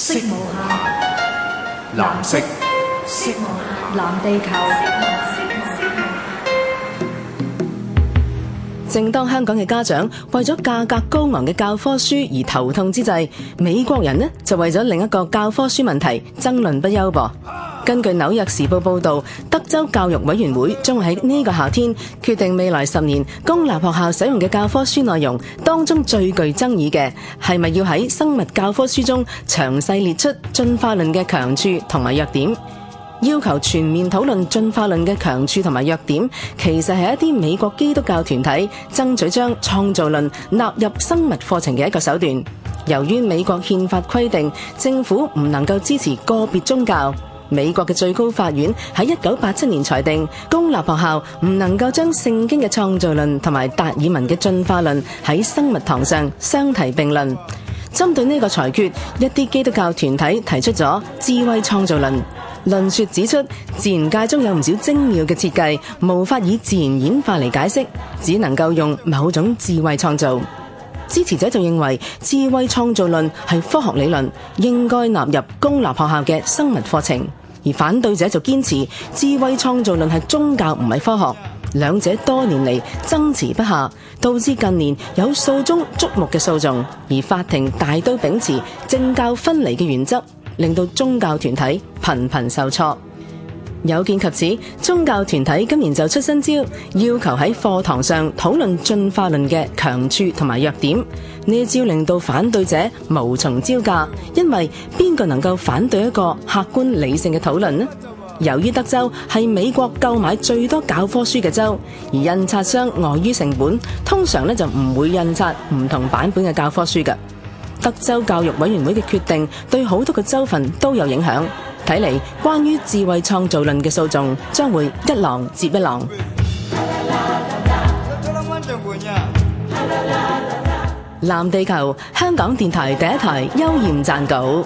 色藍色，色，藍色，色，藍地球。地球正當香港嘅家長為咗價格高昂嘅教科書而頭痛之際，美國人呢就為咗另一個教科書問題爭論不休噃。根據紐約時報報道，德州教育委員會將會喺呢個夏天決定未來十年公立學校使用嘅教科書內容。當中最具爭議嘅係咪要喺生物教科書中詳細列出進化論嘅強處同埋弱點？要求全面討論進化論嘅強處同埋弱點，其實係一啲美國基督教團體爭取將創造論納入生物課程嘅一個手段。由於美國憲法規定政府唔能夠支持個別宗教。美國嘅最高法院喺一九八七年裁定，公立學校唔能夠將聖經嘅創造論同埋達爾文嘅進化論喺生物堂上相提並論。針對呢個裁決，一啲基督教團體提出咗智慧創造論。論說指出，自然界中有唔少精妙嘅設計，無法以自然演化嚟解釋，只能夠用某種智慧創造。支持者就認為智慧創造論係科學理論，應該納入公立學校嘅生物課程；而反對者就堅持智慧創造論係宗教，唔係科學。兩者多年嚟爭持不下，導致近年有數宗矚目嘅訴訟，而法庭大都秉持政教分離嘅原則，令到宗教團體頻頻受挫。有見及此，宗教團體今年就出新招，要求喺課堂上討論進化論嘅強處同埋弱點。呢招令到反對者無從招架，因為邊個能夠反對一個客觀理性嘅討論呢？由於德州係美國購買最多教科書嘅州，而印刷商礙於成本，通常咧就唔會印刷唔同版本嘅教科書噶。德州教育委員會嘅決定對好多嘅州份都有影響。睇嚟，關於智慧創造論嘅訴訟將會一浪接一浪。藍地球，香港電台第一台邱焱撰稿。